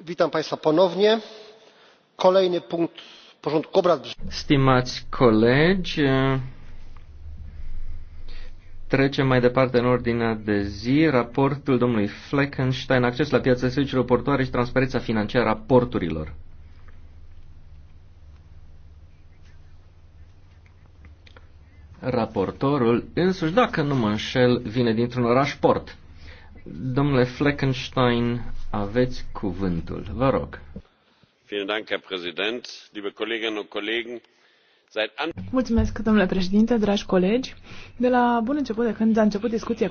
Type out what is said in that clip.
witam państwa ponownie. kolejny punct porządku obrad. stimați colegi trecem mai departe în ordinea de zi. Raportul domnului Fleckenstein, acces la piața serviciilor portoare și transparența financiară a porturilor. Raportorul, însuși, dacă nu mă înșel, vine dintr-un oraș port. Domnule Fleckenstein, aveți cuvântul. Vă rog. Mulțumesc, domnule președinte, dragi colegi. De la bun început, de când a început discuția